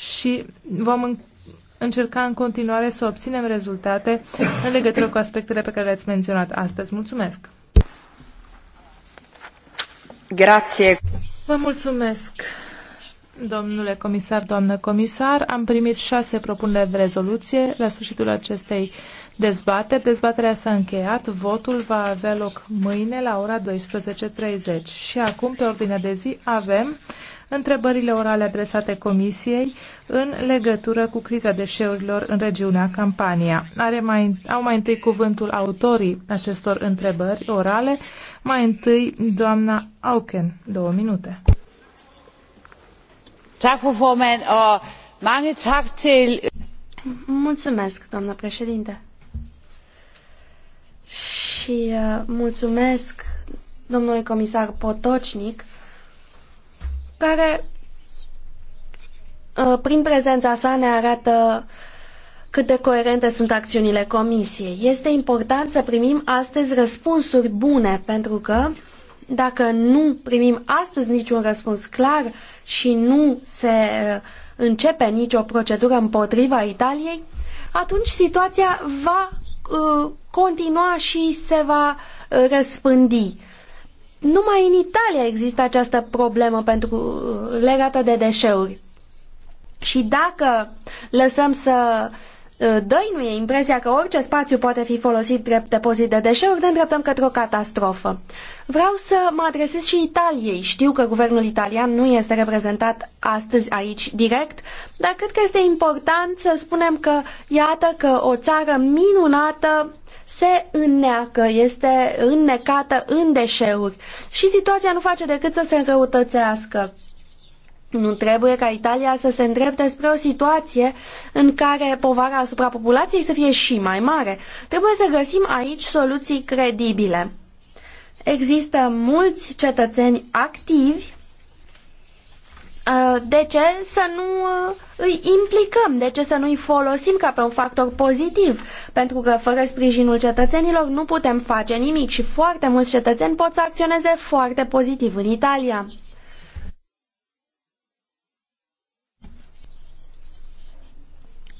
și vom încerca în continuare să obținem rezultate în legătură cu aspectele pe care le-ați menționat astăzi. Mulțumesc! Grație! Vă mulțumesc, domnule comisar, doamnă comisar. Am primit șase propuneri de rezoluție la sfârșitul acestei dezbateri. Dezbaterea s-a încheiat. Votul va avea loc mâine la ora 12.30. Și acum, pe ordinea de zi, avem întrebările orale adresate Comisiei în legătură cu criza deșeurilor în regiunea Campania. Are mai, au mai întâi cuvântul autorii acestor întrebări orale, mai întâi doamna Auken, două minute. Mulțumesc, doamnă președinte. Și uh, mulțumesc domnului comisar Potocnic care uh, prin prezența sa ne arată cât de coerente sunt acțiunile Comisiei. Este important să primim astăzi răspunsuri bune, pentru că dacă nu primim astăzi niciun răspuns clar și nu se începe nicio procedură împotriva Italiei, atunci situația va uh, continua și se va uh, răspândi. Numai în Italia există această problemă pentru uh, legată de deșeuri. Și dacă lăsăm să uh, dăinuie impresia că orice spațiu poate fi folosit drept depozit de deșeuri, ne îndreptăm către o catastrofă. Vreau să mă adresez și Italiei. Știu că guvernul italian nu este reprezentat astăzi aici direct, dar cred că este important să spunem că, iată, că o țară minunată se înneacă, este înnecată în deșeuri și situația nu face decât să se înrăutățească. Nu trebuie ca Italia să se îndrepte spre o situație în care povara asupra populației să fie și mai mare. Trebuie să găsim aici soluții credibile. Există mulți cetățeni activi Uh, de ce să nu uh, îi implicăm, de ce să nu îi folosim ca pe un factor pozitiv? Pentru că fără sprijinul cetățenilor nu putem face nimic și foarte mulți cetățeni pot să acționeze foarte pozitiv în Italia.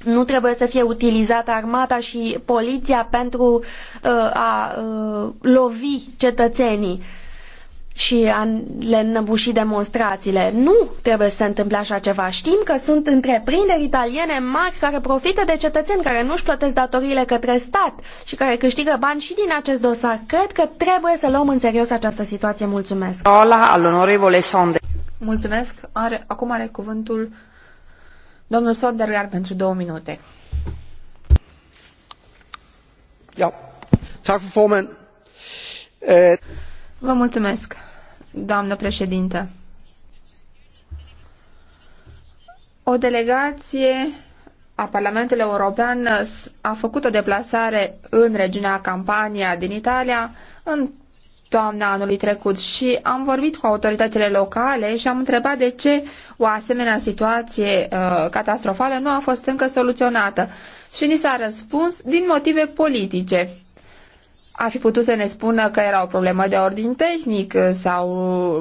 Nu trebuie să fie utilizată armata și poliția pentru uh, a uh, lovi cetățenii și a le înnăbuși demonstrațiile. Nu trebuie să se întâmple așa ceva. Știm că sunt întreprinderi italiene mari care profită de cetățeni care nu-și plătesc datoriile către stat și care câștigă bani și din acest dosar. Cred că trebuie să luăm în serios această situație. Mulțumesc. Hola, al onorevole Mulțumesc. Are, acum are cuvântul domnul Sondergar pentru două minute. Ja. Tak for formand. Øh. Vă mulțumesc doamnă președintă. O delegație a Parlamentului European a făcut o deplasare în regiunea Campania din Italia în toamna anului trecut și am vorbit cu autoritățile locale și am întrebat de ce o asemenea situație uh, catastrofală nu a fost încă soluționată și ni s-a răspuns din motive politice a fi putut să ne spună că era o problemă de ordin tehnic sau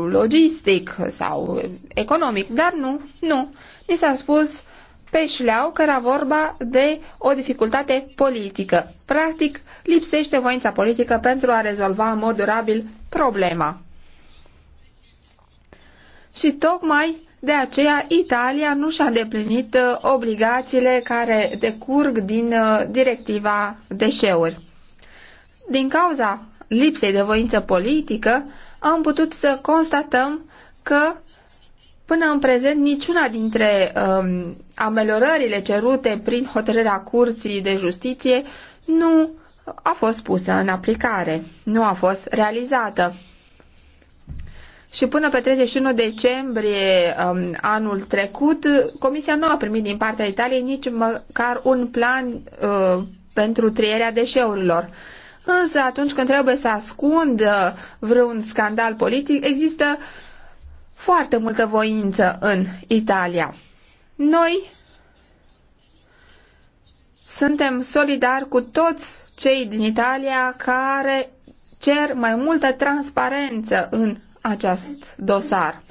logistic sau economic, dar nu, nu. Ni s-a spus pe șleau că era vorba de o dificultate politică. Practic, lipsește voința politică pentru a rezolva în mod durabil problema. Și tocmai de aceea Italia nu și-a deplinit uh, obligațiile care decurg din uh, directiva deșeuri. Din cauza lipsei de voință politică, am putut să constatăm că Până în prezent, niciuna dintre um, ameliorările cerute prin hotărârea Curții de Justiție nu a fost pusă în aplicare, nu a fost realizată. Și până pe 31 decembrie um, anul trecut, Comisia nu a primit din partea Italiei nici măcar un plan uh, pentru trierea deșeurilor. Uh, Însă atunci când trebuie să ascund uh, vreun scandal politic, există foarte multă voință în Italia. Noi suntem solidari cu toți cei din Italia care cer mai multă transparență în acest dosar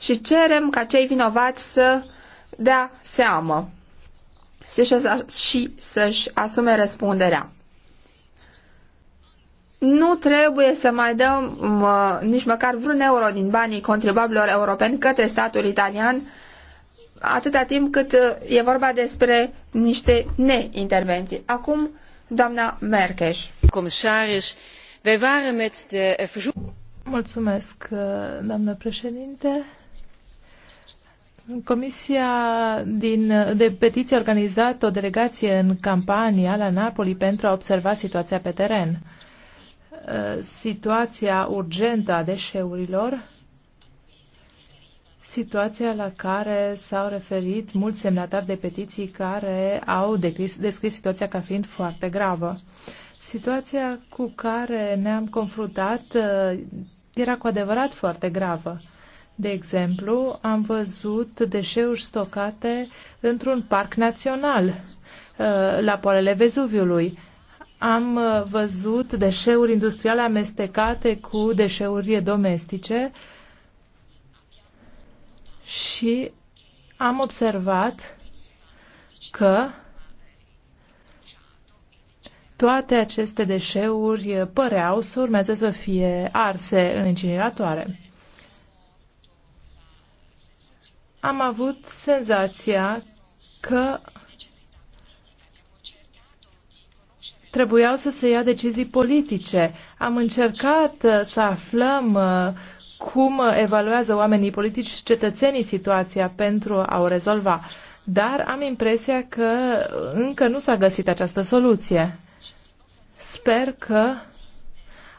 și cerem ca cei vinovați să dea seamă și să-și asume răspunderea nu trebuie să mai dăm uh, nici măcar vreun euro din banii contribuabilor europeni către statul italian atâta timp cât e vorba despre niște neintervenții. Acum, doamna Merkeș. Comisaris, wij waren met de verzoek... Mulțumesc, doamnă președinte. Comisia din, de petiție a organizat o delegație în campania la Napoli pentru a observa situația pe teren. Uh, situația urgentă a deșeurilor, situația la care s-au referit mulți semnatari de petiții care au descris, descris situația ca fiind foarte gravă. Situația cu care ne-am confruntat uh, era cu adevărat foarte gravă. De exemplu, am văzut deșeuri stocate într-un parc național, uh, la poalele Vezuviului am uh, văzut deșeuri industriale amestecate cu deșeuri domestice și am observat că toate aceste deșeuri păreau să urmeze să fie arse în incineratoare. Am avut senzația că trebuiau să se ia decizii politice. Am încercat uh, să aflăm uh, cum evaluează oamenii politici și cetățenii situația pentru a o rezolva, dar am impresia că încă nu s-a găsit această soluție. Sper că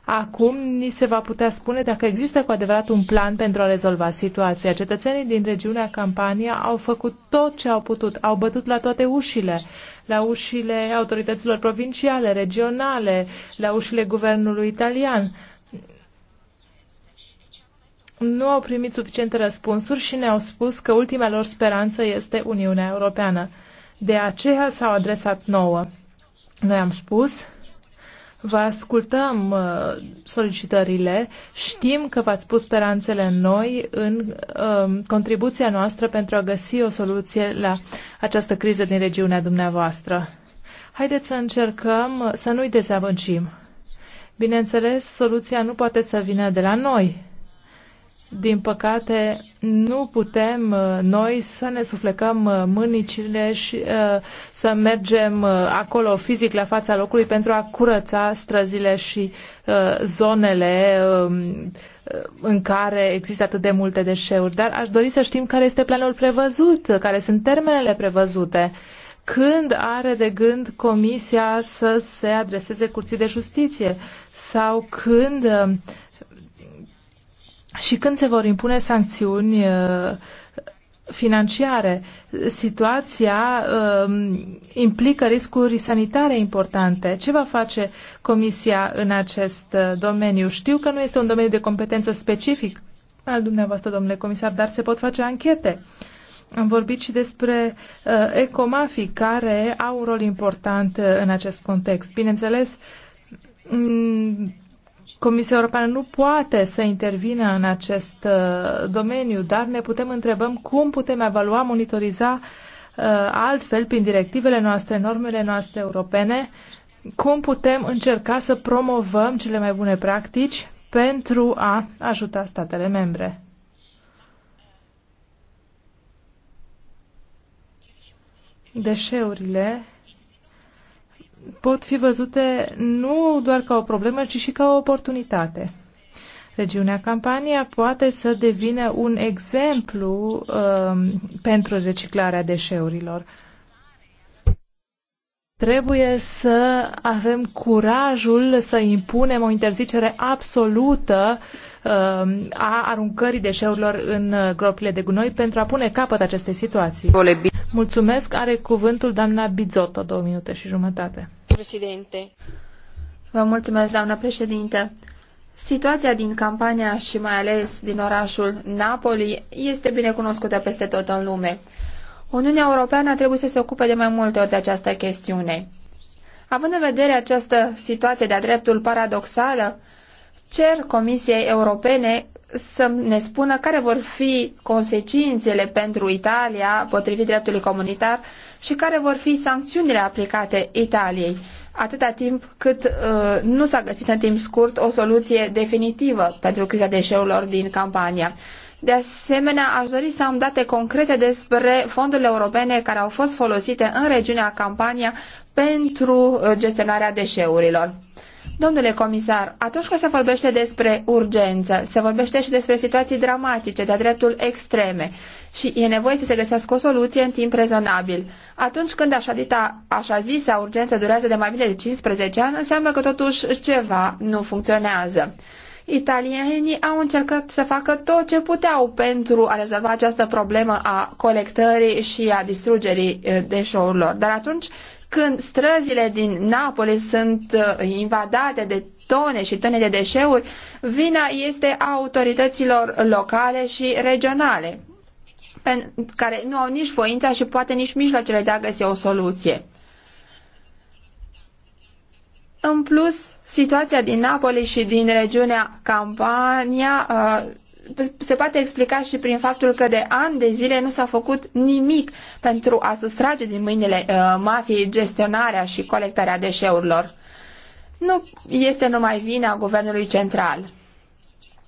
Acum ni se va putea spune dacă există cu adevărat un plan pentru a rezolva situația. Cetățenii din regiunea Campania au făcut tot ce au putut, au bătut la toate ușile la ușile autorităților provinciale, regionale, la ușile guvernului italian. Nu au primit suficiente răspunsuri și ne-au spus că ultima lor speranță este Uniunea Europeană. De aceea s-au adresat nouă. Noi am spus Vă ascultăm uh, solicitările, știm că v-ați pus speranțele în noi, în um, contribuția noastră pentru a găsi o soluție la această criză din regiunea dumneavoastră. Haideți să încercăm să nu-i dezamăgim. Bineînțeles, soluția nu poate să vină de la noi, din păcate, nu putem uh, noi să ne suflecăm uh, mânicile și uh, să mergem acolo fizic la fața locului pentru a curăța străzile și zonele um, în care există atât de multe deșeuri. Dar aș dori să știm care este planul prevăzut, care sunt termenele prevăzute. Când are de gând Comisia să se adreseze Curții de Justiție? Sau când uh, și când se vor impune sancțiuni uh, financiare. Situația um, implică riscuri sanitare importante. Ce va face Comisia în acest uh, domeniu? Știu că nu este un domeniu de competență specific al dumneavoastră, domnule comisar, dar se pot face anchete. Am vorbit și despre uh, ecomafi care au un rol important uh, în acest context. Bineînțeles, mm, Comisia Europeană nu poate să intervină în acest uh, domeniu, dar ne putem întrebăm cum putem evalua, monitoriza uh, altfel prin directivele noastre, normele noastre europene, cum putem încerca să promovăm cele mai bune practici pentru a ajuta statele membre. Deșeurile pot fi văzute nu doar ca o problemă, ci și ca o oportunitate. Regiunea Campania poate să devină un exemplu um, uh, pentru reciclarea deșeurilor. Trebuie să avem curajul să impunem o interzicere absolută uh, Um, a aruncării deșeurilor în uh, gropile de gunoi pentru a pune capăt acestei situații. Mulțumesc. Are cuvântul doamna Bizotto, două minute și jumătate. Președinte. Vă mulțumesc, doamna președinte. Situația din campania și mai ales din orașul Napoli este bine cunoscută peste tot în lume. Uniunea Europeană trebuie să se ocupe de mai multe ori de această chestiune. Având în vedere această situație de-a dreptul paradoxală, cer Comisiei Europene să ne spună care vor fi consecințele pentru Italia potrivit dreptului comunitar și care vor fi sancțiunile aplicate Italiei, atâta timp cât uh, nu s-a găsit în timp scurt o soluție definitivă pentru criza deșeurilor din campania. De asemenea, aș dori să am date concrete despre fondurile europene care au fost folosite în regiunea Campania pentru uh, gestionarea deșeurilor. Domnule comisar, atunci când se vorbește despre urgență, se vorbește și despre situații dramatice, de-a dreptul extreme și e nevoie să se găsească o soluție în timp rezonabil. Atunci când așa, dita, așa zisa urgență durează de mai bine de 15 ani, înseamnă că totuși ceva nu funcționează. Italienii au încercat să facă tot ce puteau pentru a rezolva această problemă a colectării și a distrugerii eh, deșeurilor, dar atunci când străzile din Napoli sunt uh, invadate de tone și tone de deșeuri, vina este a autorităților locale și regionale, care nu au nici voința și poate nici mijloacele de a găsi o soluție. În plus, situația din Napoli și din regiunea Campania uh, se poate explica și prin faptul că de ani de zile nu s-a făcut nimic pentru a sustrage din mâinile uh, mafiei gestionarea și colectarea deșeurilor. Nu este numai vina guvernului central.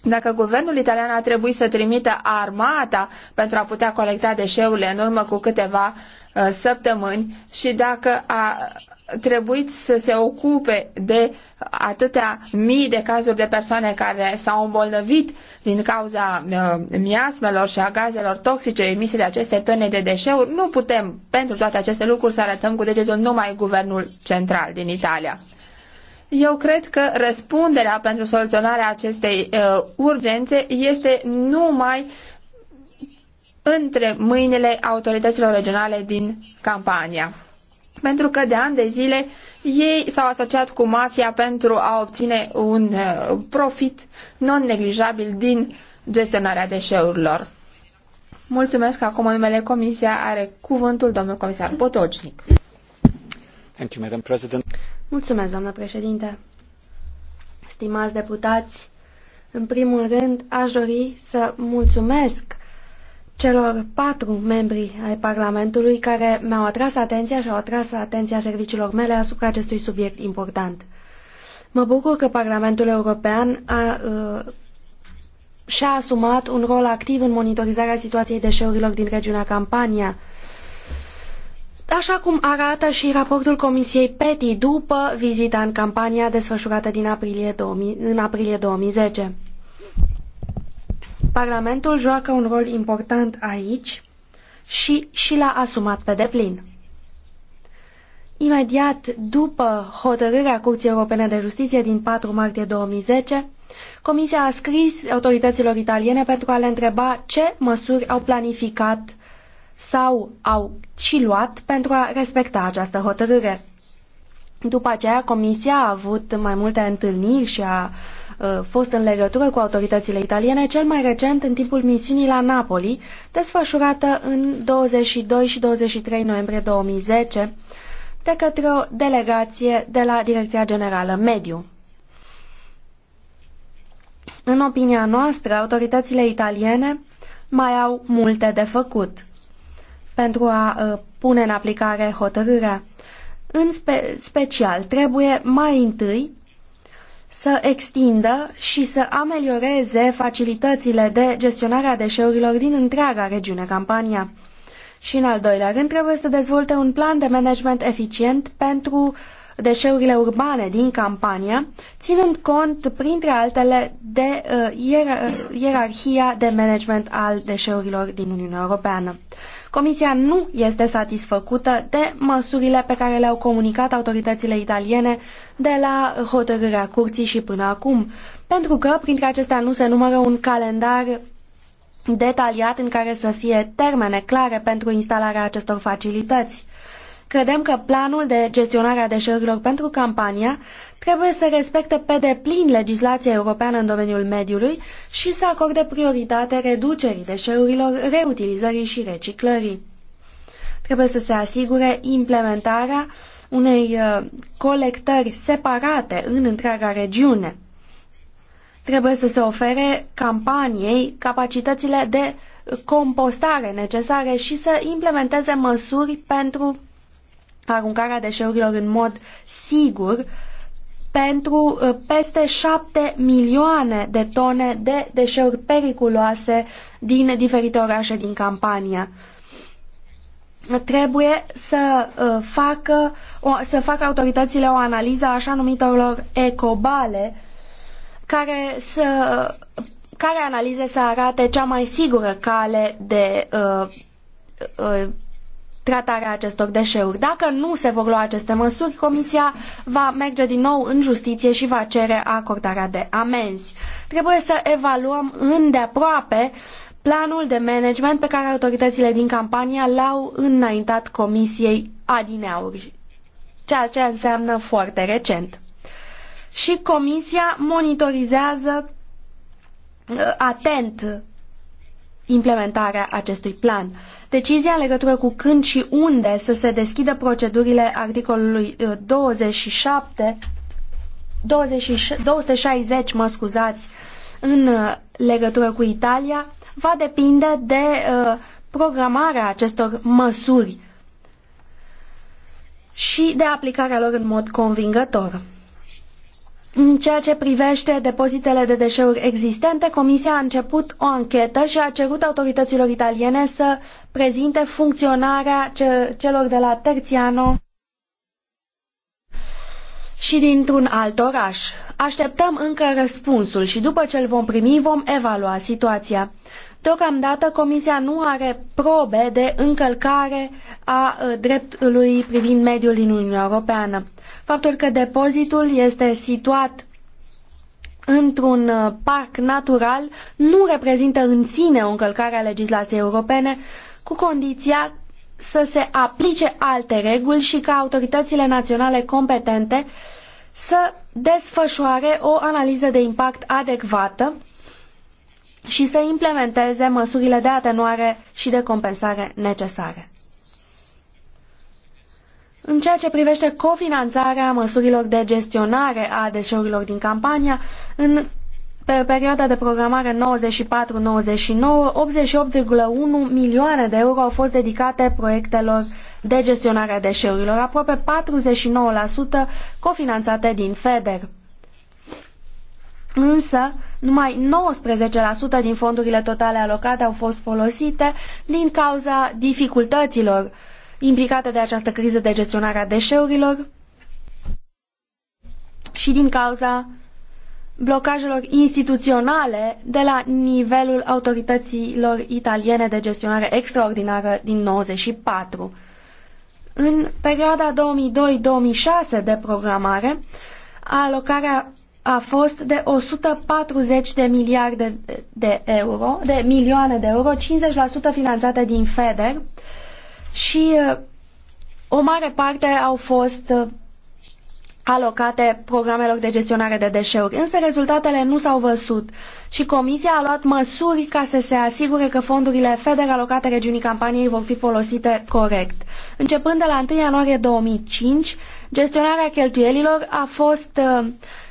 Dacă guvernul italian a trebuit să trimită armata pentru a putea colecta deșeurile în urmă cu câteva uh, săptămâni și dacă a, trebuit să se ocupe de atâtea mii de cazuri de persoane care s-au îmbolnăvit din cauza uh, miasmelor și a gazelor toxice emise de aceste tone de deșeuri, nu putem pentru toate aceste lucruri să arătăm cu degetul numai guvernul central din Italia. Eu cred că răspunderea pentru soluționarea acestei uh, urgențe este numai între mâinile autorităților regionale din Campania pentru că de ani de zile ei s-au asociat cu mafia pentru a obține un uh, profit non-neglijabil din gestionarea deșeurilor. Mulțumesc. Acum în numele Comisia are cuvântul domnul comisar Potocnic. Thank you, Madam President. Mulțumesc, doamnă președinte. Stimați deputați, în primul rând aș dori să mulțumesc celor patru membri ai Parlamentului care mi-au atras atenția și au atras atenția serviciilor mele asupra acestui subiect important. Mă bucur că Parlamentul European a, uh, și-a asumat un rol activ în monitorizarea situației deșeurilor din regiunea Campania, așa cum arată și raportul Comisiei PETI după vizita în Campania desfășurată din aprilie 2000, în aprilie 2010. Parlamentul joacă un rol important aici și, și l-a asumat pe deplin. Imediat după hotărârea Curții Europene de Justiție din 4 martie 2010, Comisia a scris autorităților italiene pentru a le întreba ce măsuri au planificat sau au și luat pentru a respecta această hotărâre. După aceea, Comisia a avut mai multe întâlniri și a uh, Uh, fost în legătură cu autoritățile italiene, cel mai recent în timpul misiunii la Napoli, desfășurată în 22 și 23 noiembrie 2010 de către o delegație de la Direcția Generală Mediu. În opinia noastră, autoritățile italiene mai au multe de făcut pentru a uh, pune în aplicare hotărârea. În spe special, trebuie mai întâi să extindă și să amelioreze facilitățile de gestionare a deșeurilor din întreaga regiune Campania. Și în al doilea rând trebuie să dezvolte un plan de management eficient pentru deșeurile urbane din Campania, ținând cont, printre altele, de uh, uh ierarhia de management al deșeurilor din Uniunea Europeană. Comisia nu este satisfăcută de măsurile pe care le-au comunicat autoritățile italiene de la hotărârea curții și până acum, pentru că printre acestea nu se numără un calendar detaliat în care să fie termene clare pentru instalarea acestor facilități. Credem că planul de gestionare a deșeurilor pentru campania trebuie să respecte pe deplin legislația europeană în domeniul mediului și să acorde prioritate reducerii deșeurilor, reutilizării și reciclării. Trebuie să se asigure implementarea unei uh, colectări separate în întreaga regiune. Trebuie să se ofere campaniei capacitățile de compostare necesare și să implementeze măsuri pentru aruncarea deșeurilor în mod sigur pentru uh, peste 7 milioane de tone de deșeuri periculoase din diferite orașe din Campania. Trebuie să uh, facă, să facă autoritățile o analiză a așa numitorilor ecobale care să care analize să arate cea mai sigură cale de uh, uh, tratarea acestor deșeuri. Dacă nu se vor lua aceste măsuri, Comisia va merge din nou în justiție și va cere acordarea de amenzi. Trebuie să evaluăm îndeaproape planul de management pe care autoritățile din campania l-au înaintat Comisiei adineauri, ceea ce înseamnă foarte recent. Și Comisia monitorizează uh, atent implementarea acestui plan. Decizia în legătură cu când și unde să se deschidă procedurile articolului 27, 20, 260, mă scuzați, în uh, legătură cu Italia, va depinde de uh, programarea acestor măsuri și de aplicarea lor în mod convingător. În ceea ce privește depozitele de deșeuri existente, Comisia a început o anchetă și a cerut autorităților italiene să prezinte funcționarea celor de la Terziano și dintr-un alt oraș. Așteptăm încă răspunsul și după ce îl vom primi vom evalua situația. Deocamdată Comisia nu are probe de încălcare a uh, dreptului privind mediul din Uniunea Europeană. Faptul că depozitul este situat într-un uh, parc natural nu reprezintă în sine o încălcare a legislației europene cu condiția să se aplice alte reguli și ca autoritățile naționale competente să desfășoare o analiză de impact adecvată și să implementeze măsurile de atenuare și de compensare necesare. În ceea ce privește cofinanțarea măsurilor de gestionare a deșeurilor din campania, în pe perioada de programare 94-99, 88,1 milioane de euro au fost dedicate proiectelor de gestionare a deșeurilor, aproape 49% cofinanțate din FEDER însă numai 19% din fondurile totale alocate au fost folosite din cauza dificultăților implicate de această criză de gestionare a deșeurilor și din cauza blocajelor instituționale de la nivelul autorităților italiene de gestionare extraordinară din 94. În perioada 2002-2006 de programare, alocarea a fost de 140 de miliarde de euro, de milioane de euro, 50% finanțate din FEDER și uh, o mare parte au fost uh, alocate programelor de gestionare de deșeuri, însă rezultatele nu s-au văzut și Comisia a luat măsuri ca să se asigure că fondurile FEDER alocate regiunii campaniei vor fi folosite corect. Începând de la 1 ianuarie 2005, gestionarea cheltuielilor a fost uh,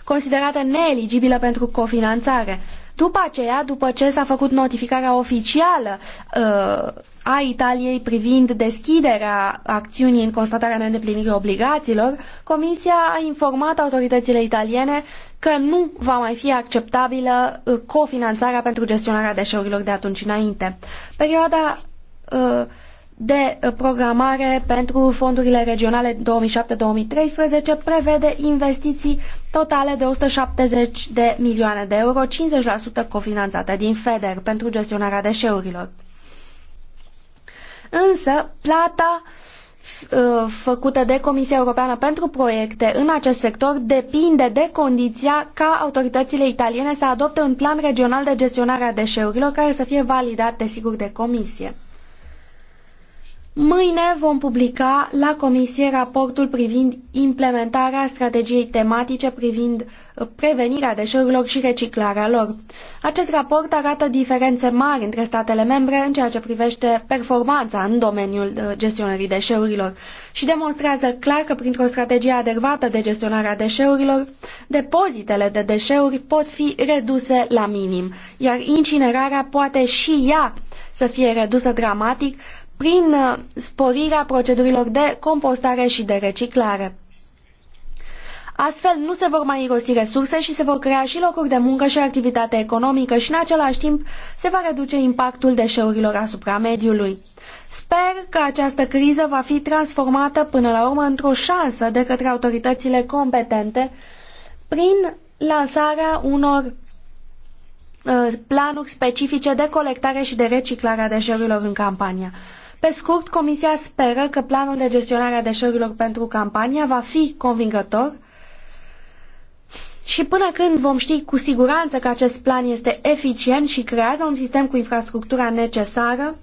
considerată neeligibilă pentru cofinanțare. După aceea, după ce s-a făcut notificarea oficială uh, a Italiei privind deschiderea acțiunii în constatarea neîndeplinirii obligațiilor, Comisia a informat autoritățile italiene că nu va mai fi acceptabilă uh, cofinanțarea pentru gestionarea deșeurilor de atunci înainte. Perioada uh, de programare pentru fondurile regionale 2007-2013 prevede investiții totale de 170 de milioane de euro, 50% cofinanțate din FEDER pentru gestionarea deșeurilor. Însă, plata uh, făcută de Comisia Europeană pentru proiecte în acest sector depinde de condiția ca autoritățile italiene să adopte un plan regional de gestionare a deșeurilor care să fie validat, desigur, de Comisie. Mâine vom publica la Comisie raportul privind implementarea strategiei tematice privind uh, prevenirea deșeurilor și reciclarea lor. Acest raport arată diferențe mari între statele membre în ceea ce privește performanța în domeniul uh, gestionării deșeurilor și demonstrează clar că printr-o strategie adecvată de gestionare a deșeurilor, depozitele de deșeuri pot fi reduse la minim, iar incinerarea poate și ea să fie redusă dramatic prin uh, sporirea procedurilor de compostare și de reciclare. Astfel, nu se vor mai irosi resurse și se vor crea și locuri de muncă și activitate economică și, în același timp, se va reduce impactul deșeurilor asupra mediului. Sper că această criză va fi transformată până la urmă într-o șansă de către autoritățile competente prin lansarea unor uh, planuri specifice de colectare și de reciclare a deșeurilor în campania. Pe scurt, Comisia speră că planul de gestionare a deșeurilor pentru campania va fi convingător și până când vom ști cu siguranță că acest plan este eficient și creează un sistem cu infrastructura necesară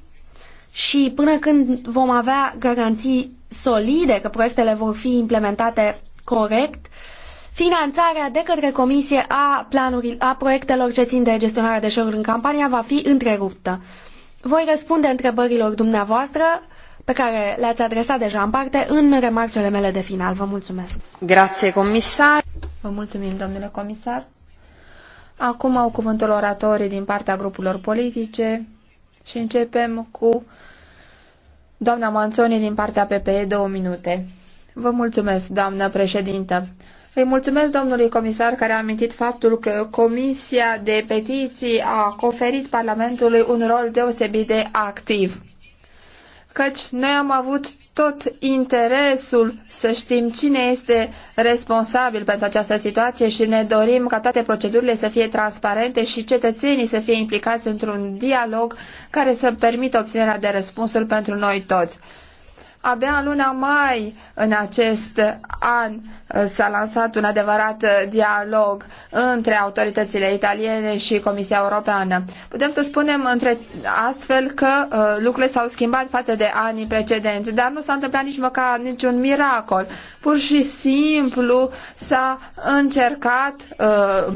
și până când vom avea garanții solide că proiectele vor fi implementate corect, finanțarea de către Comisie a, planurilor, a proiectelor ce țin de gestionarea deșeurilor în campania va fi întreruptă. Voi răspunde întrebărilor dumneavoastră pe care le-ați adresat deja în parte în remarcele mele de final. Vă mulțumesc. Grație, comisar. Vă mulțumim, domnule comisar. Acum au cuvântul oratorii din partea grupurilor politice și începem cu doamna Manțoni din partea PPE, două minute. Vă mulțumesc, doamnă președintă. Îi mulțumesc domnului comisar care a amintit faptul că Comisia de Petiții a conferit Parlamentului un rol deosebit de activ. Căci noi am avut tot interesul să știm cine este responsabil pentru această situație și ne dorim ca toate procedurile să fie transparente și cetățenii să fie implicați într-un dialog care să permită obținerea de răspunsuri pentru noi toți. Abia în luna mai în acest an s-a lansat un adevărat uh, dialog între autoritățile italiene și Comisia Europeană. Putem să spunem între, astfel că uh, lucrurile s-au schimbat față de anii precedenți, dar nu s-a întâmplat nici măcar niciun miracol. Pur și simplu s-a încercat uh,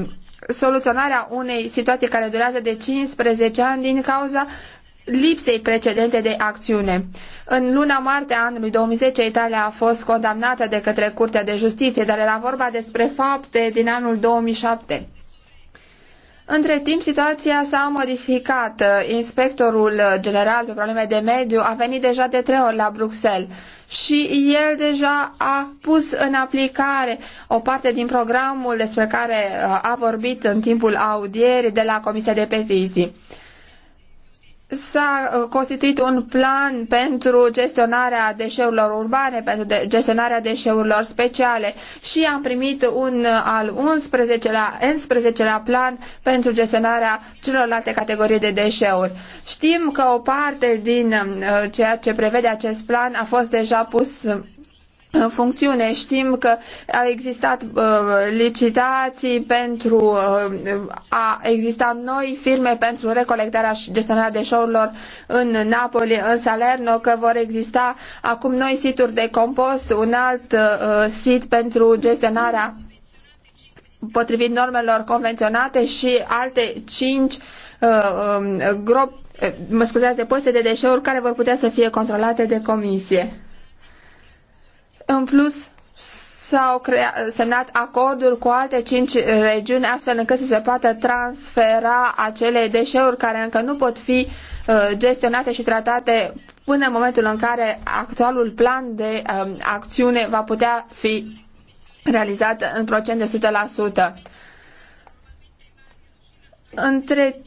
soluționarea unei situații care durează de 15 ani din cauza lipsei precedente de acțiune. În luna martie anului 2010, Italia a fost condamnată de către Curtea de Justiție, dar era vorba despre fapte din anul 2007. Între timp, situația s-a modificat. Inspectorul general pe probleme de mediu a venit deja de trei ori la Bruxelles și el deja a pus în aplicare o parte din programul despre care uh, a vorbit în timpul audierii de la Comisia de Petiții. S-a uh, constituit un plan pentru gestionarea deșeurilor urbane, pentru gestionarea deșeurilor speciale și am primit un uh, al 11-lea, 11-lea plan pentru gestionarea celorlalte categorii de deșeuri. Știm că o parte din uh, ceea ce prevede acest plan a fost deja pus în funcțiune. Știm că au existat uh, licitații pentru uh, a exista noi firme pentru recolectarea și gestionarea deșeurilor în Napoli, în Salerno, că vor exista acum noi situri de compost, un alt uh, sit pentru gestionarea potrivit normelor convenționate și alte cinci uh, um, gropi, uh, mă scuzați, de poste de deșeuri care vor putea să fie controlate de comisie. În plus, s-au semnat acorduri cu alte cinci regiuni astfel încât să se poată transfera acele deșeuri care încă nu pot fi uh, gestionate și tratate până în momentul în care actualul plan de um, acțiune va putea fi realizat în procent de 100%. Între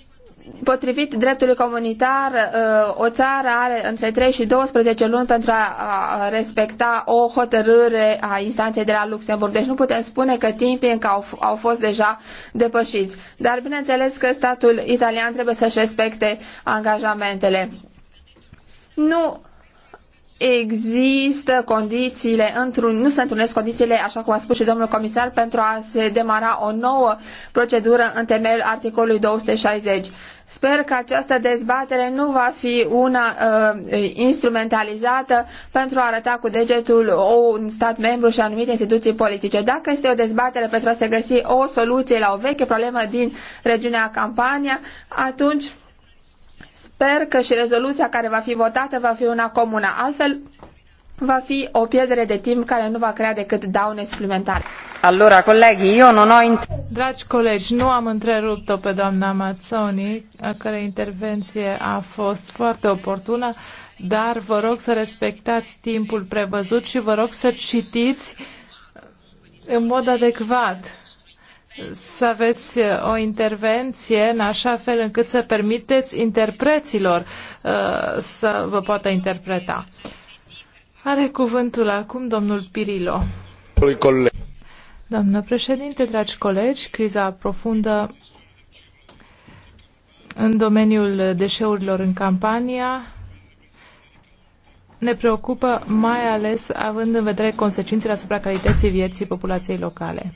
potrivit dreptului comunitar, uh, o țară are între 3 și 12 luni pentru a respecta o hotărâre a instanței de la Luxemburg. Deci nu putem spune că timpii încă au, au fost deja depășiți. Dar bineînțeles că statul italian trebuie să-și respecte angajamentele. Nu există condițiile, nu se întrunesc condițiile, așa cum a spus și domnul comisar, pentru a se demara o nouă procedură în temeiul articolului 260. Sper că această dezbatere nu va fi una uh, instrumentalizată pentru a arăta cu degetul un stat membru și anumite instituții politice. Dacă este o dezbatere pentru a se găsi o soluție la o veche problemă din regiunea Campania, atunci Sper că și rezoluția care va fi votată va fi una comună. Altfel, va fi o pierdere de timp care nu va crea decât daune suplimentare. Allora, colegi, eu nu ho Dragi colegi, nu am întrerupt-o pe doamna Mazzoni, a cărei intervenție a fost foarte oportună, dar vă rog să respectați timpul prevăzut și vă rog să citiți în mod adecvat să aveți uh, o intervenție în așa fel încât să permiteți interpreților uh, să vă poată interpreta. Are cuvântul acum domnul Pirilo. Doamnă președinte, dragi colegi, criza profundă în domeniul deșeurilor în campania ne preocupă mai ales având în vedere consecințele asupra calității vieții populației locale.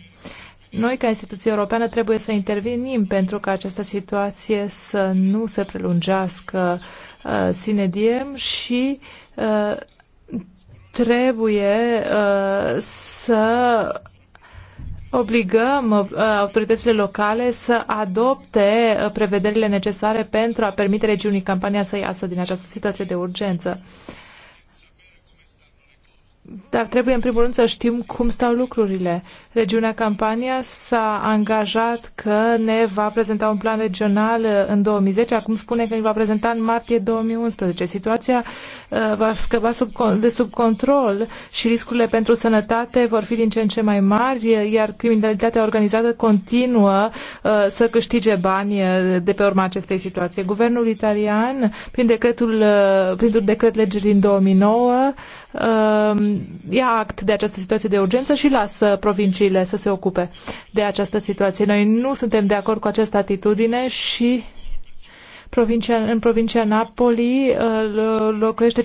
Noi, ca instituție europeană, trebuie să intervenim pentru ca această situație să nu se prelungească uh, sine diem și uh, trebuie uh, să obligăm uh, autoritățile locale să adopte uh, prevederile necesare pentru a permite regiunii campania să iasă din această situație de urgență. Uh, dar trebuie în primul rând să știm cum stau lucrurile. Regiunea Campania s-a angajat că ne va prezenta un plan regional uh, în 2010, acum spune că ne va prezenta în martie 2011. Situația uh, va scăpa sub, de sub control și riscurile pentru sănătate vor fi din ce în ce mai mari, iar criminalitatea organizată continuă uh, să câștige bani de pe urma acestei situații. Guvernul italian, prin decretul, prin decret legii din 2009, Um, ia act de această situație de urgență și lasă provinciile să se ocupe de această situație. Noi nu suntem de acord cu această atitudine și provincia, în provincia Napoli locuiește 52%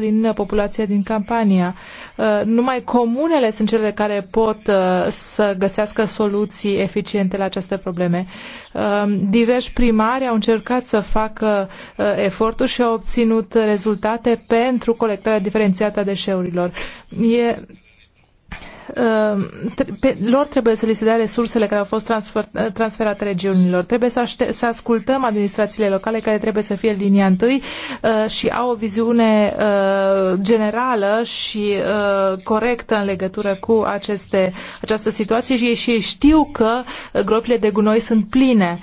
din populația din Campania. Uh, numai comunele sunt cele care pot uh, să găsească soluții eficiente la aceste probleme. Uh, diversi primari au încercat să facă eforturi și au obținut rezultate pentru colectarea diferențiată a deșeurilor. E Uh, pe, lor trebuie să li se dea resursele care au fost transfer, uh, transferate regiunilor. Trebuie să, aște, să ascultăm administrațiile locale care trebuie să fie linia întâi uh, și au o viziune uh, generală și uh, corectă în legătură cu aceste, această situație și ei, știu că uh, gropile de gunoi sunt pline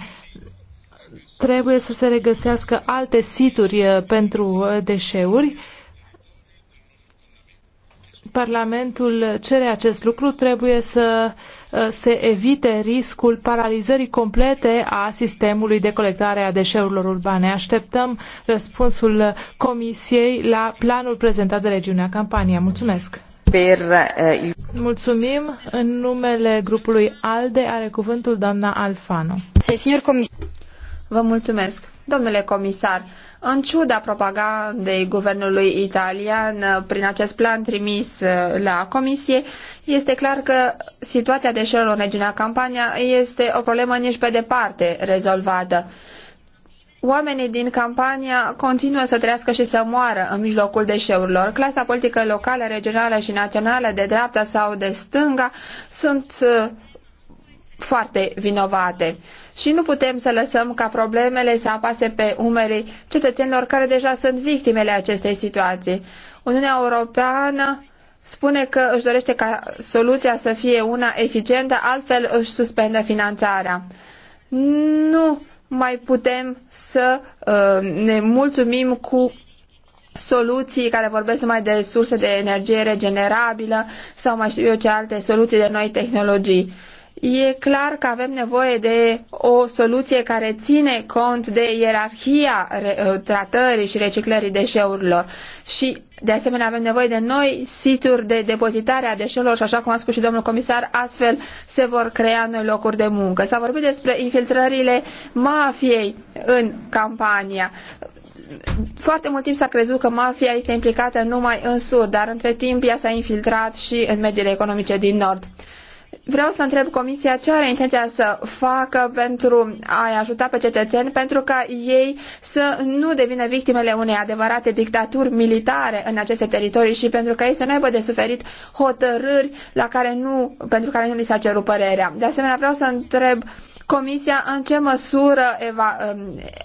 trebuie să se regăsească alte situri pentru deșeuri Parlamentul cere acest lucru, trebuie să uh, se evite riscul paralizării complete a sistemului de colectare a deșeurilor urbane. Așteptăm răspunsul Comisiei la planul prezentat de regiunea Campania. Mulțumesc! Uh, Mulțumim. În numele grupului ALDE are cuvântul doamna Alfano. Vă mulțumesc. Domnule comisar, în ciuda propagandei guvernului italian prin acest plan trimis uh, la comisie, este clar că situația deșeurilor în regiunea Campania este o problemă nici pe departe rezolvată. Oamenii din campania continuă să trăiască și să moară în mijlocul deșeurilor. Clasa politică locală, regională și națională, de dreapta sau de stânga, sunt uh, foarte vinovate și nu putem să lăsăm ca problemele să apase pe umerii cetățenilor care deja sunt victimele acestei situații. Uniunea Europeană spune că își dorește ca soluția să fie una eficientă, altfel își suspendă finanțarea. Nu mai putem să uh, ne mulțumim cu soluții care vorbesc numai de surse de energie regenerabilă sau mai știu eu ce alte soluții de noi tehnologii. E clar că avem nevoie de o soluție care ține cont de ierarhia uh, tratării și reciclării deșeurilor și de asemenea avem nevoie de noi situri de depozitare a deșeurilor și așa cum a spus și domnul comisar, astfel se vor crea noi locuri de muncă. S-a vorbit despre infiltrările mafiei în campania. Foarte mult timp s-a crezut că mafia este implicată numai în sud, dar între timp ea s-a infiltrat și în mediile economice din nord. Vreau să întreb Comisia ce are intenția să facă pentru a-i ajuta pe cetățeni, pentru ca ei să nu devină victimele unei adevărate dictaturi militare în aceste teritorii și pentru ca ei să nu aibă de suferit hotărâri la care nu, pentru care nu li s-a cerut părerea. De asemenea, vreau să întreb Comisia în ce măsură eva,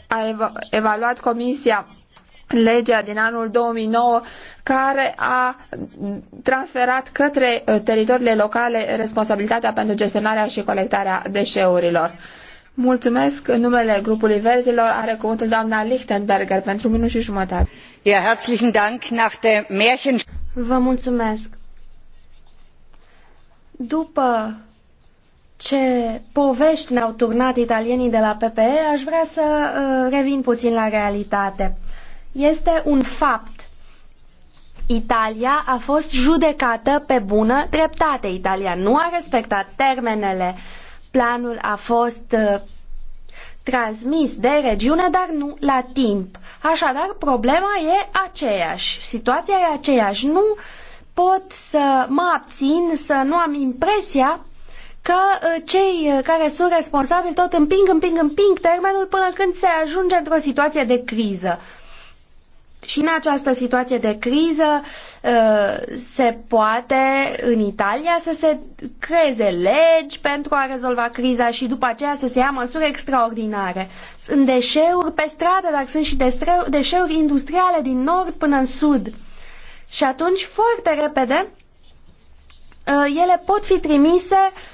a evaluat Comisia legea din anul 2009 care a transferat către uh, teritoriile locale responsabilitatea pentru gestionarea și colectarea deșeurilor. Mulțumesc. În numele grupului Verzilor are cuvântul doamna Lichtenberger pentru minut și jumătate. Ja, herzlichen Dank nach der Märchen... Vă mulțumesc. După ce povești ne-au turnat italienii de la PPE, aș vrea să uh, revin puțin la realitate. Uh, este un fapt. Italia a fost judecată pe bună dreptate. Italia nu a respectat termenele. Planul a fost uh, transmis de regiune, dar nu la timp. Așadar, problema e aceeași. Situația e aceeași. Nu pot să mă abțin, să nu am impresia că uh, cei uh, care sunt responsabili tot împing, împing, împing termenul până când se ajunge într-o situație de criză. Și în această situație de criză uh, se poate în Italia să se creeze legi pentru a rezolva criza și după aceea să se ia măsuri extraordinare. Sunt deșeuri pe stradă, dar sunt și deșeuri industriale din nord până în sud. Și atunci, foarte repede, uh, ele pot fi trimise uh,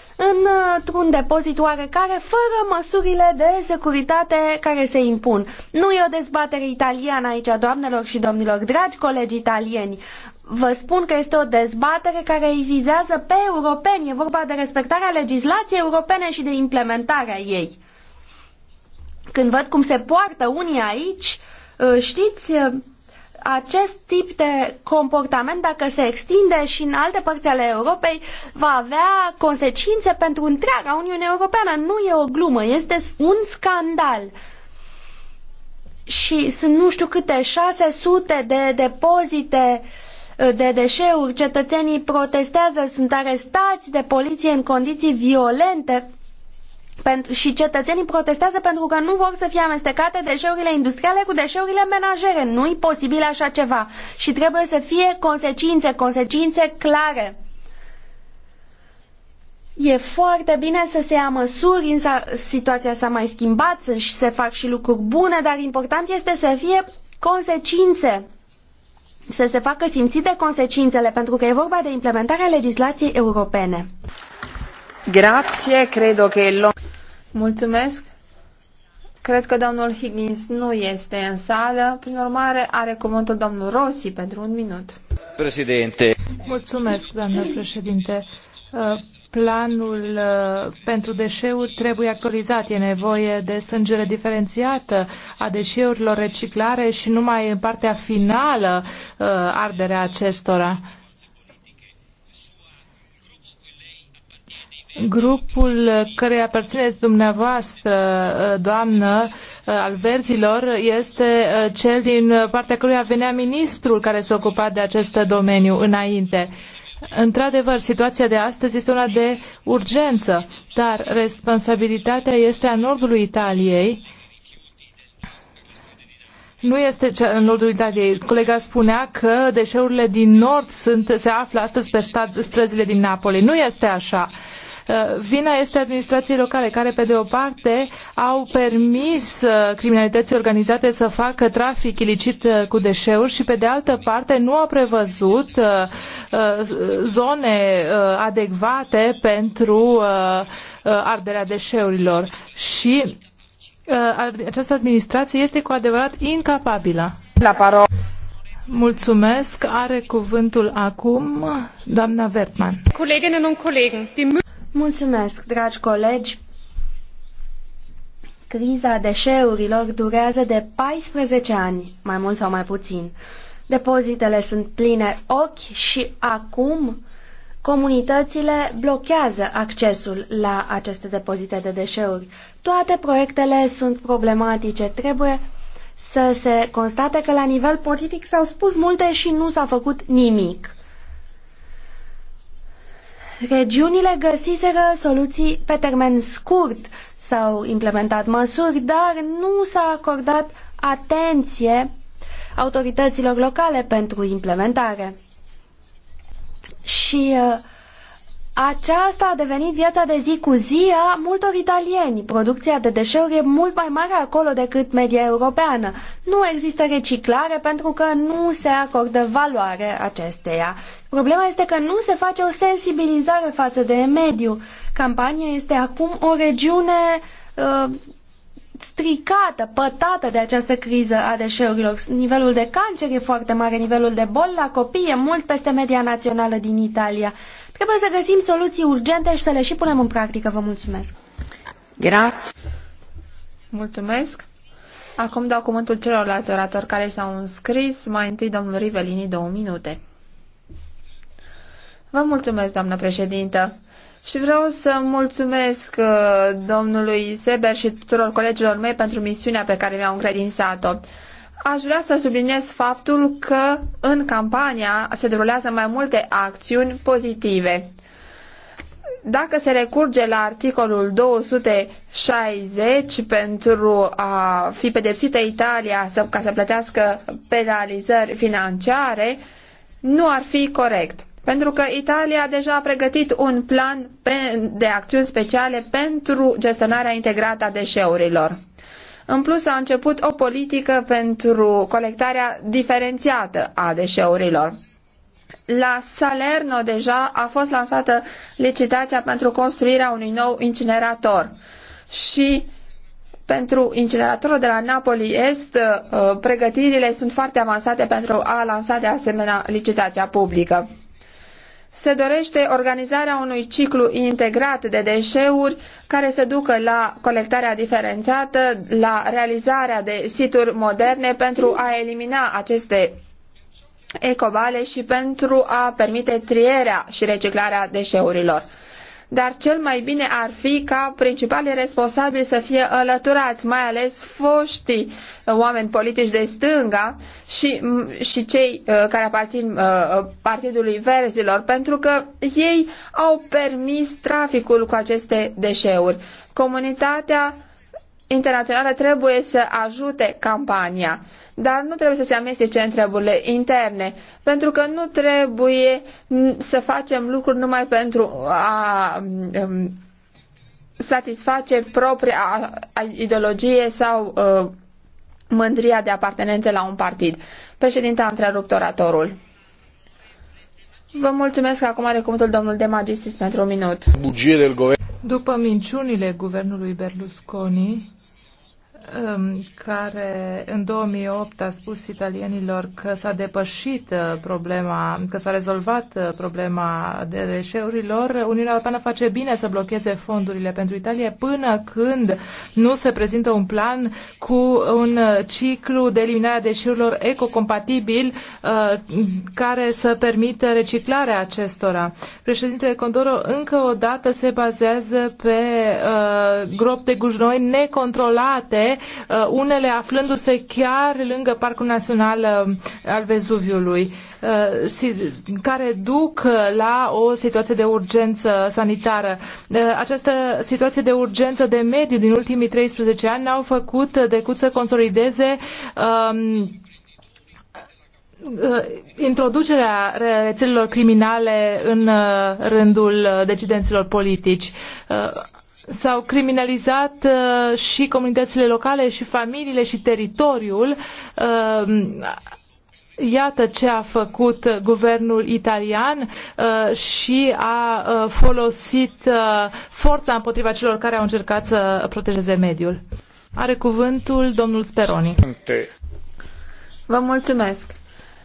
într-un depozit oarecare, fără măsurile de securitate care se impun. Nu e o dezbatere italiană aici, doamnelor și domnilor, dragi colegi italieni. Vă spun că este o dezbatere care îi vizează pe europeni. E vorba de respectarea legislației europene și de implementarea ei. Când văd cum se poartă unii aici, uh, știți, uh, acest tip de comportament, dacă se extinde și în alte părți ale Europei, va avea consecințe pentru întreaga Uniune Europeană. Nu e o glumă, este un scandal. Și sunt nu știu câte 600 de depozite de deșeuri, cetățenii protestează, sunt arestați de poliție în condiții violente pentru, și cetățenii protestează pentru că nu vor să fie amestecate deșeurile industriale cu deșeurile menajere. Nu-i posibil așa ceva. Și trebuie să fie consecințe, consecințe clare. E foarte bine să se ia măsuri, însă situația s-a mai schimbat și se fac și lucruri bune, dar important este să fie consecințe să se facă simțite consecințele, pentru că e vorba de implementarea legislației europene. Grazie, credo che Mulțumesc. Cred că domnul Higgins nu este în sală, prin urmare are cuvântul domnul Rossi pentru un minut. Președinte. Mulțumesc, doamnă președinte. Uh, planul uh, pentru deșeuri trebuie actualizat. E nevoie de strângere diferențiată a deșeurilor, reciclare și numai în partea finală uh, arderea acestora Grupul care aparțineți dumneavoastră, uh, doamnă, uh, al verzilor este uh, cel din partea căruia venea ministrul care se ocupa de acest domeniu înainte. Într-adevăr, situația de astăzi este una de urgență, dar responsabilitatea este a nordului Italiei. Nu este cea în nordul Italiei. Colega spunea că deșeurile din nord sunt, se află astăzi pe străzile din Napoli. Nu este așa. Uh, Uh, vina este administrației locale care, pe de o parte, au permis uh, criminalității organizate să facă trafic ilicit uh, cu deșeuri și, pe de altă parte, nu au prevăzut zone adecvate pentru arderea deșeurilor. Și această administrație este cu adevărat incapabilă. La parol. Mulțumesc. Are cuvântul acum doamna Wertmann. Kolleginnen und Kollegen, die Mulțumesc, dragi colegi. Criza deșeurilor durează de 14 ani, mai mult sau mai puțin. Depozitele sunt pline ochi și acum comunitățile blochează accesul la aceste depozite de deșeuri. Toate proiectele sunt problematice. Trebuie să se constate că la nivel politic s-au spus multe și nu s-a făcut nimic. Regiunile găsiseră soluții pe termen scurt, s-au implementat măsuri, dar nu s-a acordat atenție autorităților locale pentru implementare. Și uh, aceasta a devenit viața de zi cu zi a multor italieni. Producția de deșeuri e mult mai mare acolo decât media europeană. Nu există reciclare pentru că nu se acordă valoare acesteia. Problema este că nu se face o sensibilizare față de mediu. Campania este acum o regiune uh, stricată, pătată de această criză a deșeurilor. Nivelul de cancer e foarte mare, nivelul de boli la copii e mult peste media națională din Italia. Trebuie să găsim soluții urgente și să le și punem în practică. Vă mulțumesc! Grați! Mulțumesc! Acum dau cuvântul celorlalți oratori care s-au înscris. Mai întâi domnul Rivelini, două minute. Vă mulțumesc, doamnă președintă. Și vreau să mulțumesc uh, domnului Seber și tuturor colegilor mei pentru misiunea pe care mi-au încredințat-o. Aș vrea să subliniez faptul că în campania se derulează mai multe acțiuni pozitive. Dacă se recurge la articolul 260 pentru a fi pedepsită Italia să, ca să plătească penalizări financiare, nu ar fi corect. Pentru că Italia deja a pregătit un plan de acțiuni speciale pentru gestionarea integrată a deșeurilor. În plus, a început o politică pentru colectarea diferențiată a deșeurilor. La Salerno deja a fost lansată licitația pentru construirea unui nou incinerator și pentru incineratorul de la Napoli Est, uh, pregătirile sunt foarte avansate pentru a lansa de asemenea licitația publică se dorește organizarea unui ciclu integrat de deșeuri care să ducă la colectarea diferențiată, la realizarea de situri moderne pentru a elimina aceste ecovale și pentru a permite trierea și reciclarea deșeurilor dar cel mai bine ar fi ca principalii responsabili să fie alăturați, mai ales foștii uh, oameni politici de stânga și, și cei uh, care aparțin uh, Partidului Verzilor, pentru că ei au permis traficul cu aceste deșeuri. Comunitatea internaționale trebuie să ajute campania, dar nu trebuie să se amestece în treburile interne, pentru că nu trebuie să facem lucruri numai pentru a um, satisface propria ideologie sau uh, mândria de apartenență la un partid. Președinte, a întrerupt oratorul. Vă mulțumesc. Acum are cuvântul domnul de magistris pentru un minut. del guvern. După minciunile guvernului Berlusconi, Um, care în 2008 a spus italienilor că s-a depășit uh, problema, că s-a rezolvat uh, problema de reșeurilor, Uniunea Europeană face bine să blocheze fondurile pentru Italia până când nu se prezintă un plan cu un uh, ciclu de eliminare a deșeurilor ecocompatibil care să permită reciclarea acestora. Președintele Condoro încă o dată se bazează pe gropi de gujnoi necontrolate Uh, unele aflându-se chiar lângă Parcul Național uh, al Vezuviului uh, care duc la o situație de urgență sanitară. Această situație de urgență de mediu din ultimii 13 ani n-au făcut decât să consolideze um, introducerea rețelelor criminale în rândul decidenților politici s-au criminalizat uh, și comunitățile locale și familiile și teritoriul. Uh, Iată ce a făcut guvernul italian uh, și a uh, folosit uh, forța împotriva celor care au încercat să protejeze mediul. Are cuvântul domnul Speroni. Vă mulțumesc.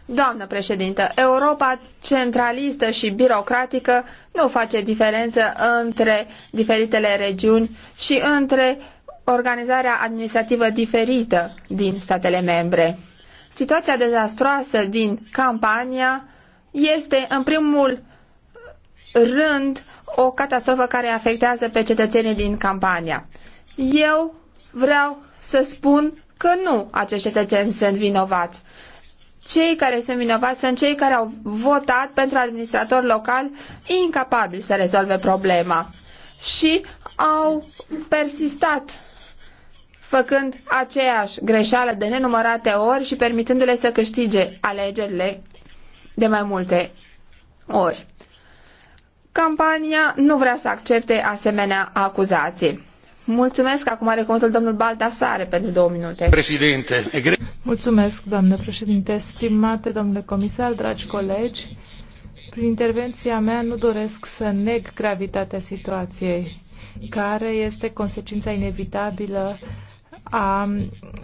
Doamnă președintă, Europa centralistă și birocratică nu face diferență între diferitele regiuni și între organizarea administrativă diferită din statele membre. Situația dezastroasă din Campania este, în primul rând, o catastrofă care afectează pe cetățenii din Campania. Eu vreau să spun că nu acești cetățeni sunt vinovați cei care sunt vinovați sunt cei care au votat pentru administrator local incapabil să rezolve problema și au persistat făcând aceeași greșeală de nenumărate ori și permitându-le să câștige alegerile de mai multe ori. Campania nu vrea să accepte asemenea acuzații. Mulțumesc, acum are cuvântul domnul Baltasare pentru două minute. Președinte, Mulțumesc, doamnă președinte, stimate domnule comisar, dragi colegi. Prin intervenția mea nu doresc să neg gravitatea situației, care este consecința inevitabilă a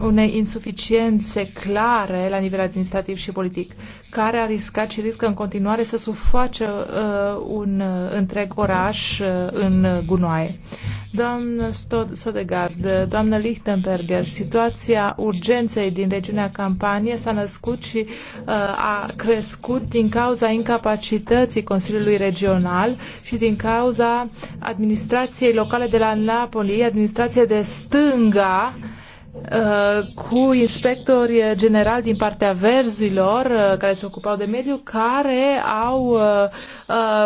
unei insuficiențe clare la nivel administrativ și politic care a riscat și riscă în continuare să suface uh, un uh, întreg oraș uh, în gunoaie. Doamnă Sodegard, doamnă Lichtenberger, situația urgenței din regiunea Campanie s-a născut și uh, a crescut din cauza incapacității Consiliului Regional și din cauza administrației locale de la Napoli, administrație de stânga, uh, Uh, cu inspectori generali din partea verzilor uh, care se ocupau de mediu, care au uh,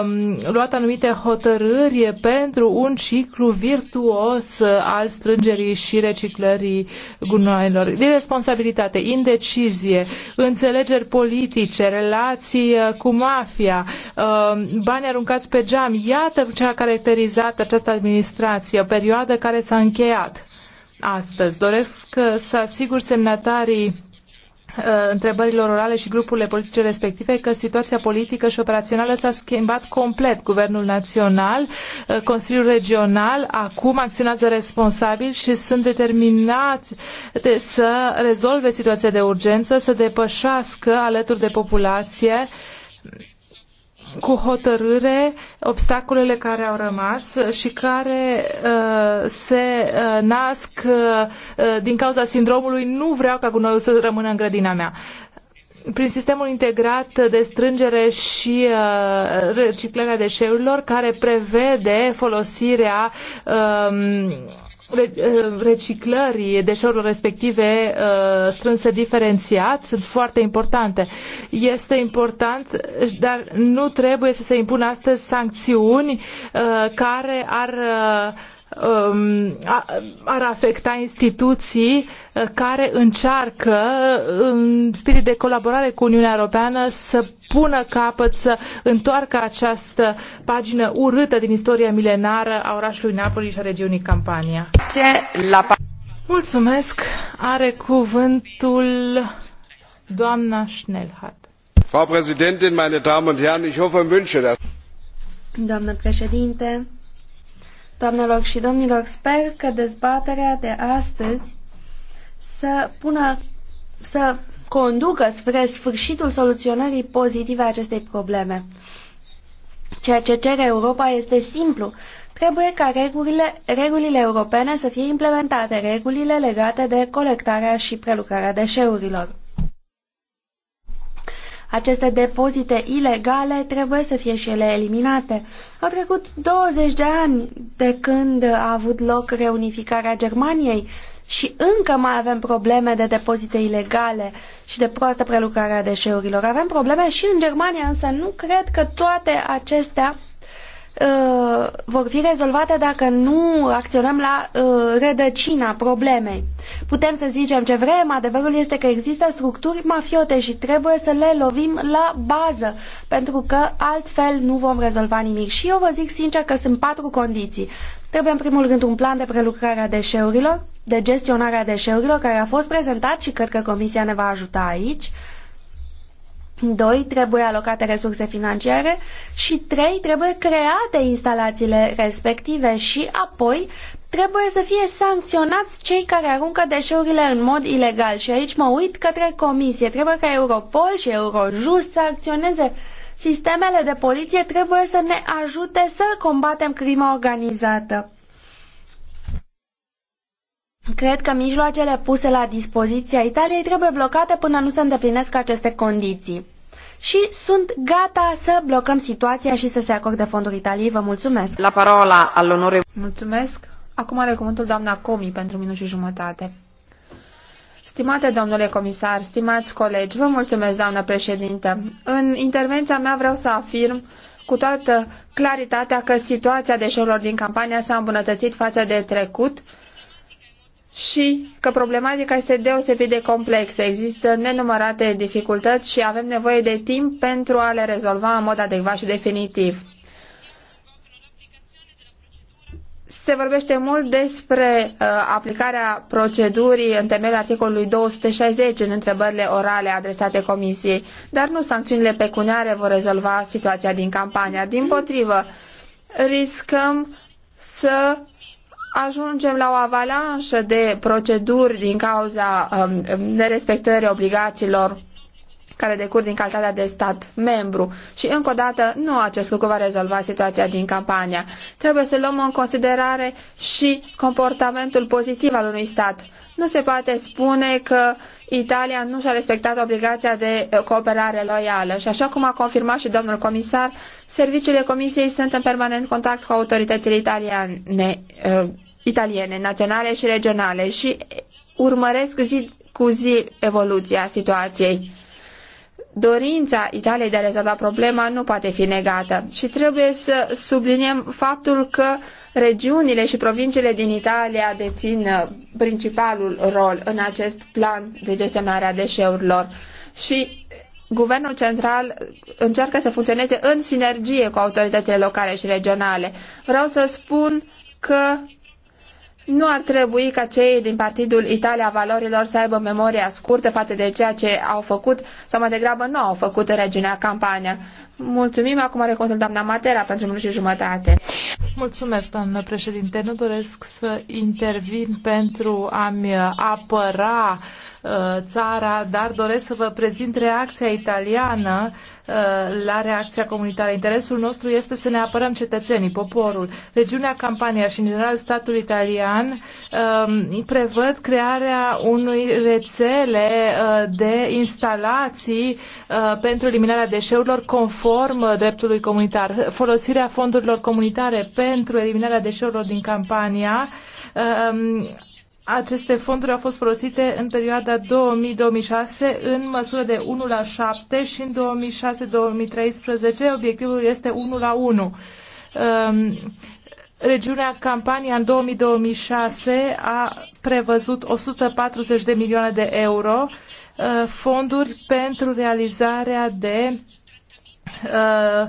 um, luat anumite hotărâri pentru un ciclu virtuos al strângerii și reciclării gunoaielor. Irresponsabilitate, indecizie, înțelegeri politice, relații cu mafia, um, bani aruncați pe geam, iată ce a caracterizat această administrație, o perioadă care s-a încheiat astăzi. Doresc uh, să asigur semnatarii uh, întrebărilor orale și grupurile politice respective că situația politică și operațională s-a schimbat complet. Guvernul Național, uh, Consiliul Regional acum acționează responsabil și sunt determinați de să rezolve situația de urgență, să depășească alături de populație uh, cu hotărâre obstacolele care au rămas și care uh, se uh, nasc uh, din cauza sindromului nu vreau ca gunoiul să rămână în grădina mea. Prin sistemul integrat de strângere și uh, reciclarea deșeurilor, care prevede folosirea um, Uh, reciclării deșeurilor respective uh, strânse diferențiat sunt foarte importante. Este important, dar nu trebuie să se impună astăzi sancțiuni uh, care ar Um, ar afecta instituții uh, care încearcă, în spirit de colaborare cu Uniunea Europeană, să pună capăt, să întoarcă această pagină urâtă din istoria milenară a orașului Napoli și a regiunii Campania. Mulțumesc. Are cuvântul doamna Schnellhardt. Frau Präsidentin, meine Damen und Herren, ich hoffe und wünsche das. Doamnă președinte, Doamnelor și domnilor, sper că dezbaterea de astăzi să pună, să conducă spre sfârșitul soluționării pozitive a acestei probleme. Ceea ce cere Europa este simplu. Trebuie ca regulile, regulile europene să fie implementate, regulile legate de colectarea și prelucrarea deșeurilor. Aceste depozite ilegale trebuie să fie și ele eliminate. Au trecut 20 de ani de când a avut loc reunificarea Germaniei și încă mai avem probleme de depozite ilegale și de proastă prelucrare a deșeurilor. Avem probleme și în Germania, însă nu cred că toate acestea Uh, vor fi rezolvate dacă nu acționăm la uh, rădăcina problemei. Putem să zicem ce vrem, adevărul este că există structuri mafiote și trebuie să le lovim la bază, pentru că altfel nu vom rezolva nimic. Și eu vă zic sincer că sunt patru condiții. Trebuie în primul rând un plan de prelucrare a deșeurilor, de gestionare a deșeurilor, care a fost prezentat și cred că Comisia ne va ajuta aici. Uh, 2. Trebuie alocate resurse financiare și 3. Trebuie create instalațiile respective și apoi trebuie să fie sancționați cei care aruncă deșeurile în mod ilegal. Și aici mă uit către comisie. Trebuie ca Europol și Eurojust să acționeze. Sistemele de poliție trebuie să ne ajute să combatem crima organizată. Cred că mijloacele puse la dispoziția Italiei trebuie blocate până nu se îndeplinesc aceste condiții. Și sunt gata să blocăm situația și să se acorde fonduri Italiei. Vă mulțumesc. La parola al onore. Mulțumesc. Acum are cuvântul doamna Comi pentru minut și jumătate. Stimate domnule comisar, stimați colegi, vă mulțumesc, doamnă președintă. În intervenția mea vreau să afirm cu toată claritatea că situația deșeurilor din campania s-a îmbunătățit față de trecut, și că problematica este deosebit de complexă. Există nenumărate dificultăți și avem nevoie de timp pentru a le rezolva în mod adecvat și definitiv. Se vorbește mult despre uh, aplicarea procedurii în temeiul articolului 260 în întrebările orale adresate comisiei, dar nu sancțiunile pecuniare vor rezolva situația din campania. Din potrivă, riscăm să ajungem la o avalanșă de proceduri din cauza um, nerespectării obligațiilor care decurg din calitatea de stat membru. Și încă o dată, nu acest lucru va rezolva situația din campania. Trebuie să luăm în considerare și comportamentul pozitiv al unui stat. Nu se poate spune că Italia nu și-a respectat obligația de uh, cooperare loială și așa cum a confirmat și domnul comisar, serviciile comisiei sunt în permanent contact cu autoritățile italiane uh, italiene, naționale și regionale și urmăresc zi cu zi evoluția situației. Dorința Italiei de a rezolva problema nu poate fi negată și trebuie să subliniem faptul că regiunile și provinciile din Italia dețin uh, principalul rol în acest plan de gestionare a deșeurilor și guvernul central încearcă să funcționeze în sinergie cu autoritățile locale și regionale. Vreau să spun că nu ar trebui ca cei din Partidul Italia Valorilor să aibă memoria scurtă față de ceea ce au făcut sau mai degrabă nu au făcut în regiunea Campania. Mulțumim, acum are contul doamna Matera pentru minut și jumătate. Mulțumesc, doamnă președinte. Nu doresc să intervin pentru a-mi apăra uh, Uh, țara, dar doresc să vă prezint reacția italiană uh, la reacția comunitară. Interesul nostru este să ne apărăm cetățenii, poporul. Regiunea Campania și, în general, statul italian um, prevăd crearea unui rețele uh, de instalații pentru eliminarea deșeurilor conform dreptului comunitar. Folosirea fondurilor comunitare pentru eliminarea deșeurilor din Campania um, aceste fonduri au fost folosite în perioada 2000-2006 în măsură de 1 la 7 și în 2006-2013 obiectivul este 1 la 1. Um, regiunea Campania în 2000-2006 a prevăzut 140 de milioane de euro uh, fonduri pentru realizarea de uh, uh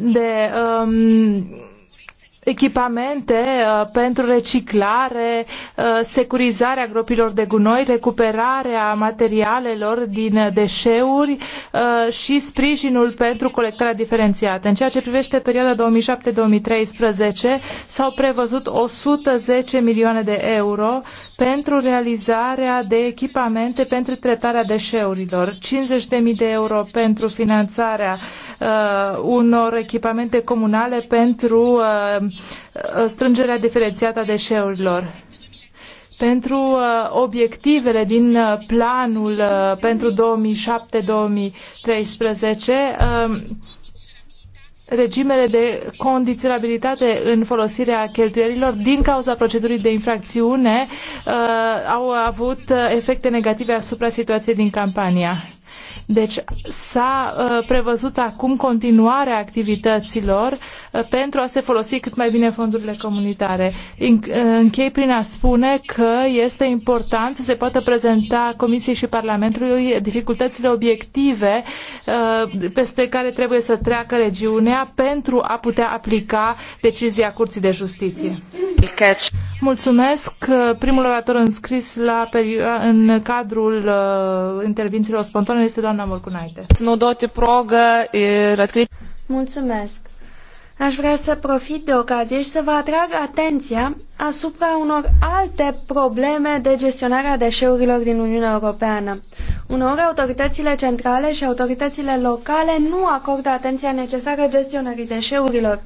de um, echipamente uh, pentru reciclare, uh, securizarea gropilor de gunoi, recuperarea materialelor din deșeuri uh, și sprijinul pentru colectarea diferențiată. În ceea ce privește perioada 2007-2013 s-au prevăzut 110 milioane de euro pentru realizarea de echipamente pentru tratarea deșeurilor, 50.000 de euro pentru finanțarea uh, uh, unor echipamente comunale pentru uh, uh, strângerea diferențiată a deșeurilor. Pentru uh, obiectivele din uh, planul uh, pentru 2007-2013, uh, regimele de condiționabilitate în folosirea cheltuielilor din cauza procedurii de infracțiune uh, au avut uh, efecte negative asupra situației din campania. Deci s-a uh, prevăzut acum continuarea activităților uh, pentru a se folosi cât mai bine fondurile comunitare. In, uh, închei prin a spune că este important să se poată prezenta Comisiei și Parlamentului dificultățile obiective uh, peste care trebuie să treacă regiunea pentru a putea aplica decizia Curții de Justiție. Mulțumesc. Primul orator înscris la în cadrul uh, intervențiilor spontane este doamna Morcunaite. Mulțumesc. Aș vrea să profit de ocazie și să vă atrag atenția asupra unor alte probleme de gestionare a deșeurilor din Uniunea Europeană. Uneori autoritățile centrale și autoritățile locale nu acordă atenția necesară gestionării deșeurilor.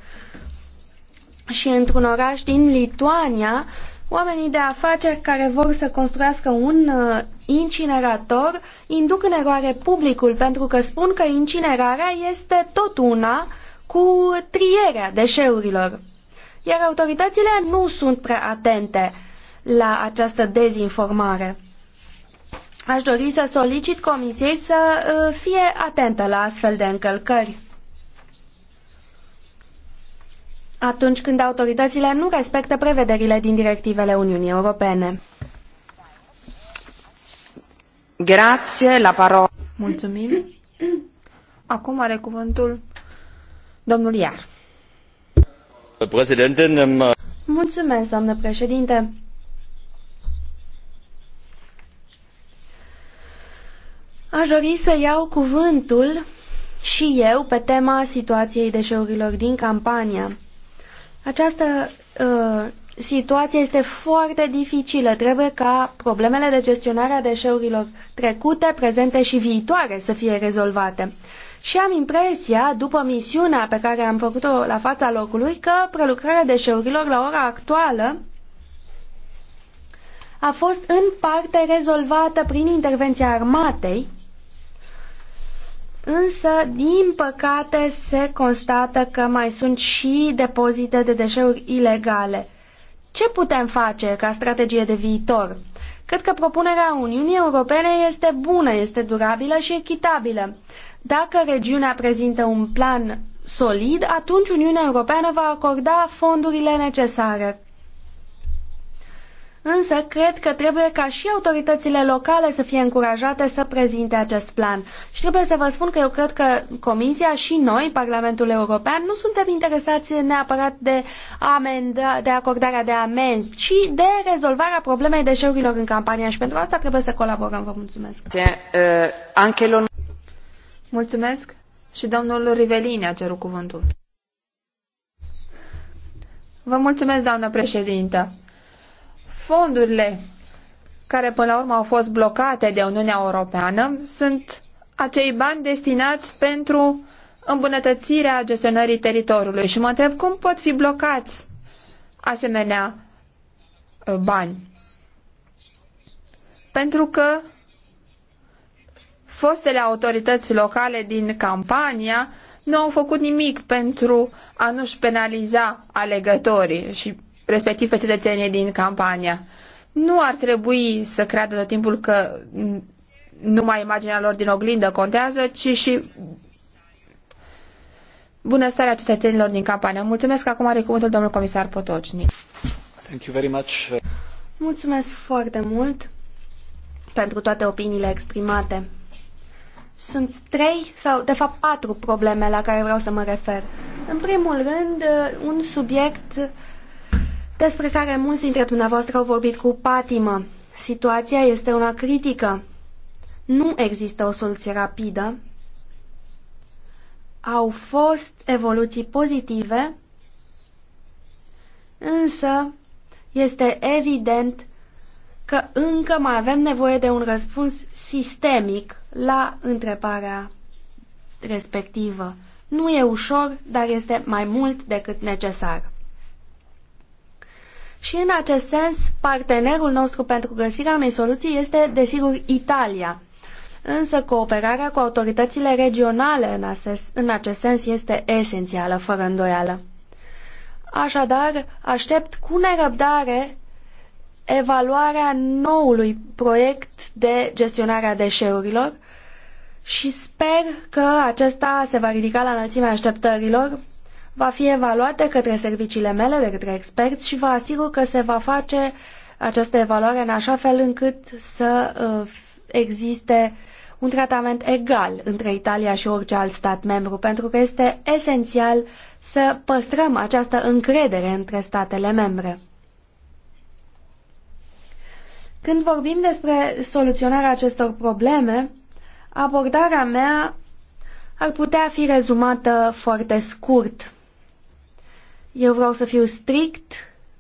Și într-un oraș din Lituania, Oamenii de afaceri care vor să construiască un uh, incinerator induc în eroare publicul pentru că spun că incinerarea este tot una cu trierea deșeurilor. Iar autoritățile nu sunt prea atente la această dezinformare. Aș dori să solicit Comisiei să uh, fie atentă la astfel de încălcări. atunci când autoritățile nu respectă prevederile din directivele Uniunii Europene. Grație, la parola. Mulțumim. Acum are cuvântul domnul Iar. Mulțumesc, doamnă președinte. Aș dori să iau cuvântul și eu pe tema situației deșeurilor din campania. Această uh, situație este foarte dificilă. Trebuie ca problemele de gestionare a deșeurilor trecute, prezente și viitoare să fie rezolvate. Și am impresia, după misiunea pe care am făcut-o la fața locului, că prelucrarea deșeurilor la ora actuală a fost în parte rezolvată prin intervenția armatei, Însă, din păcate, se constată că mai sunt și depozite de deșeuri ilegale. Ce putem face ca strategie de viitor? Cred că propunerea Uniunii Europene este bună, este durabilă și echitabilă. Dacă regiunea prezintă un plan solid, atunci Uniunea Europeană va acorda fondurile necesare. Însă, cred că trebuie ca și autoritățile locale să fie încurajate să prezinte acest plan. Și trebuie să vă spun că eu cred că Comisia și noi, Parlamentul European, nu suntem interesați neapărat de, amend- de acordarea de amenzi, ci de rezolvarea problemei deșeurilor în campania și pentru asta trebuie să colaborăm. Vă mulțumesc. Eh, mulțumesc. Și domnul Rivelini a cerut cuvântul. Vă mulțumesc, doamnă președintă fondurile care până la urmă au fost blocate de Uniunea Europeană sunt acei bani destinați pentru îmbunătățirea gestionării teritoriului și mă întreb cum pot fi blocați asemenea ă, bani. Pentru că fostele autorități locale din campania nu au făcut nimic pentru a nu-și penaliza alegătorii și respectiv pe cetățenii din campania. Nu ar trebui să creadă tot timpul că numai imaginea lor din oglindă contează, ci și bunăstarea cetățenilor din campania. Mulțumesc, acum are cuvântul domnul comisar Potocni. Thank you very much. Mulțumesc foarte mult pentru toate opiniile exprimate. Sunt trei sau, de fapt, patru probleme la care vreau să mă refer. În primul rând, un subiect despre care mulți dintre dumneavoastră au vorbit cu patimă. Situația este una critică. Nu există o soluție rapidă. Au fost evoluții pozitive, însă este evident că încă mai avem nevoie de un răspuns sistemic la întrebarea respectivă. Nu e ușor, dar este mai mult decât necesar. Și în acest sens, partenerul nostru pentru găsirea unei soluții este, desigur, Italia. Însă cooperarea cu autoritățile regionale în acest, în acest sens este esențială, fără îndoială. Așadar, aștept cu nerăbdare evaluarea noului proiect de gestionare a deșeurilor și sper că acesta se va ridica la înălțimea așteptărilor va fi evaluat de către serviciile mele, de către experți și vă asigur că se va face această evaluare în așa fel încât să uh, existe un tratament egal între Italia și orice alt stat membru, pentru că este esențial să păstrăm această încredere între statele membre. Când vorbim despre soluționarea acestor probleme, abordarea mea ar putea fi rezumată foarte scurt. Eu vreau să fiu strict,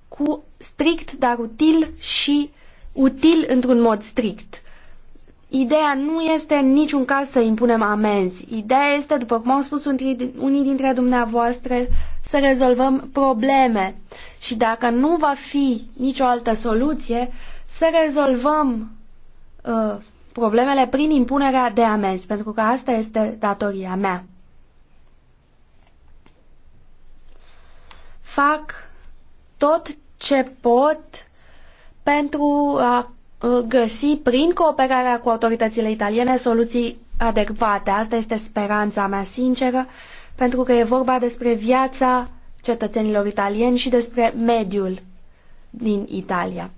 cu strict, dar util și util într-un mod strict. Ideea nu este în niciun caz să impunem amenzi. Ideea este, după cum au spus unii dintre dumneavoastră, să rezolvăm probleme. Și dacă nu va fi nicio altă soluție, să rezolvăm uh, problemele prin impunerea de amenzi, pentru că asta este datoria mea. fac tot ce pot pentru a uh, găsi, prin cooperarea cu autoritățile italiene, soluții adecvate. Asta este speranța mea sinceră, pentru că e vorba despre viața cetățenilor italieni și despre mediul din Italia.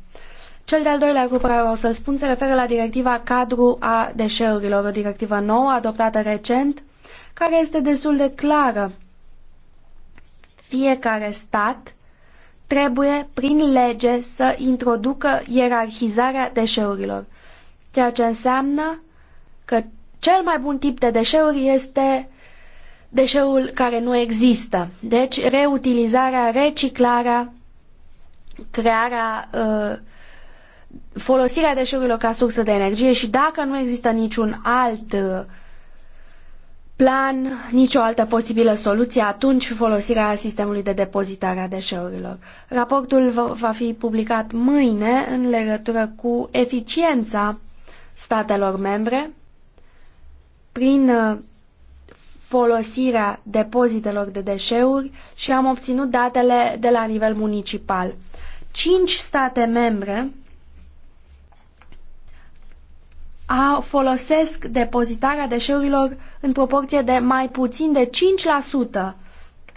Cel de-al doilea lucru pe care o să-l spun se referă la directiva cadru a deșeurilor, o directivă nouă adoptată recent, care este destul de clară fiecare stat trebuie, prin lege, să introducă ierarhizarea deșeurilor, ceea ce înseamnă că cel mai bun tip de deșeuri este deșeul care nu există. Deci, reutilizarea, reciclarea, crearea, uh, folosirea deșeurilor ca sursă de energie și dacă nu există niciun alt uh, plan, nicio altă posibilă soluție atunci folosirea sistemului de depozitare a deșeurilor. Raportul va fi publicat mâine în legătură cu eficiența statelor membre prin uh, folosirea depozitelor de deșeuri și am obținut datele de la nivel municipal. Cinci state membre a folosesc depozitarea deșeurilor în proporție de mai puțin de 5%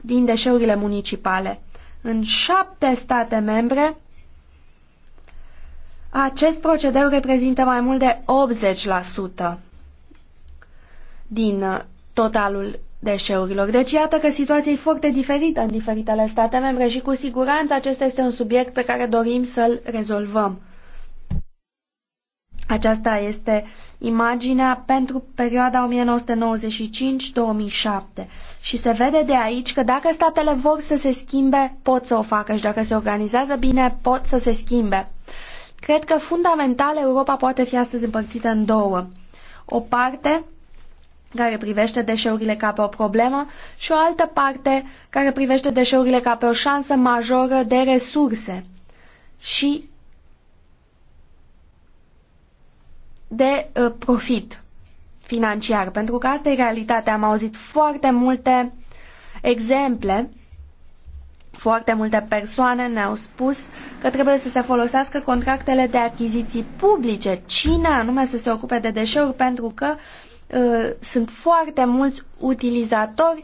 din deșeurile municipale. În șapte state membre, acest procedeu reprezintă mai mult de 80% din totalul deșeurilor. Deci iată că situația e foarte diferită în diferitele state membre și cu siguranță acesta este un subiect pe care dorim să-l rezolvăm. Aceasta este imaginea pentru perioada 1995-2007 și se vede de aici că dacă statele vor să se schimbe, pot să o facă și dacă se organizează bine, pot să se schimbe. Cred că fundamental Europa poate fi astăzi împărțită în două. O parte care privește deșeurile ca pe o problemă și o altă parte care privește deșeurile ca pe o șansă majoră de resurse. Și de uh, profit financiar, pentru că asta e realitatea. Am auzit foarte multe exemple, foarte multe persoane ne-au spus că trebuie să se folosească contractele de achiziții publice. Cine anume să se ocupe de deșeuri, pentru că uh, sunt foarte mulți utilizatori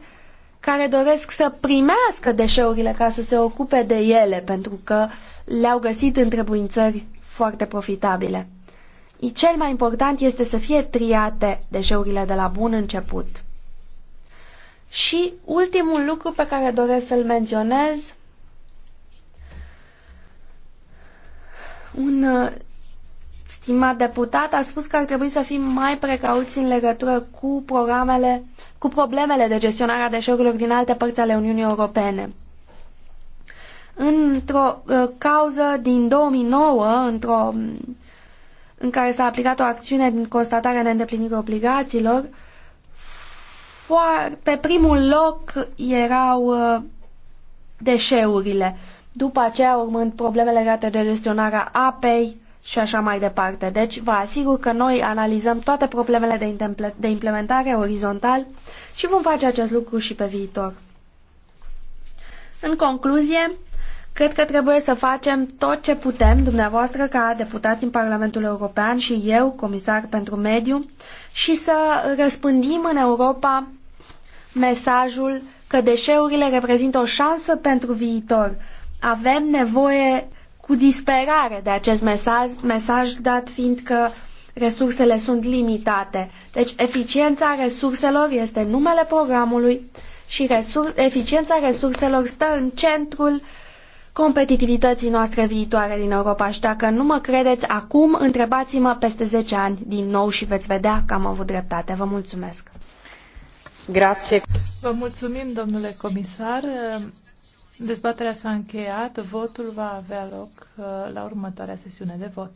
care doresc să primească deșeurile ca să se ocupe de ele, pentru că le-au găsit întrebuințări foarte profitabile. Cel mai important este să fie triate deșeurile de la bun început. Și ultimul lucru pe care doresc să-l menționez, un uh, stimat deputat a spus că ar trebui să fim mai precauți în legătură cu programele, cu problemele de gestionare a deșeurilor din alte părți ale Uniunii Europene. Într-o uh, cauză din 2009, într-o în care s-a aplicat o acțiune din constatarea neîndeplinirii obligațiilor, pe primul loc erau uh, deșeurile, după aceea urmând problemele legate de gestionarea apei și așa mai departe. Deci vă asigur că noi analizăm toate problemele de implementare orizontal și vom face acest lucru și pe viitor. În concluzie, Cred că trebuie să facem tot ce putem, dumneavoastră ca deputați în Parlamentul European și eu, comisar pentru mediu, și să răspândim în Europa mesajul că deșeurile reprezintă o șansă pentru viitor. Avem nevoie cu disperare de acest mesaj, mesaj dat fiind că resursele sunt limitate. Deci eficiența resurselor este numele programului și resur- eficiența resurselor stă în centrul uh, competitivității noastre viitoare din Europa. Și dacă nu mă credeți acum, întrebați-mă peste 10 ani din nou și veți vedea că am avut dreptate. Vă mulțumesc! Vă mulțumim, domnule comisar. Dezbaterea s-a încheiat. Votul va avea loc uh, la următoarea sesiune de vot.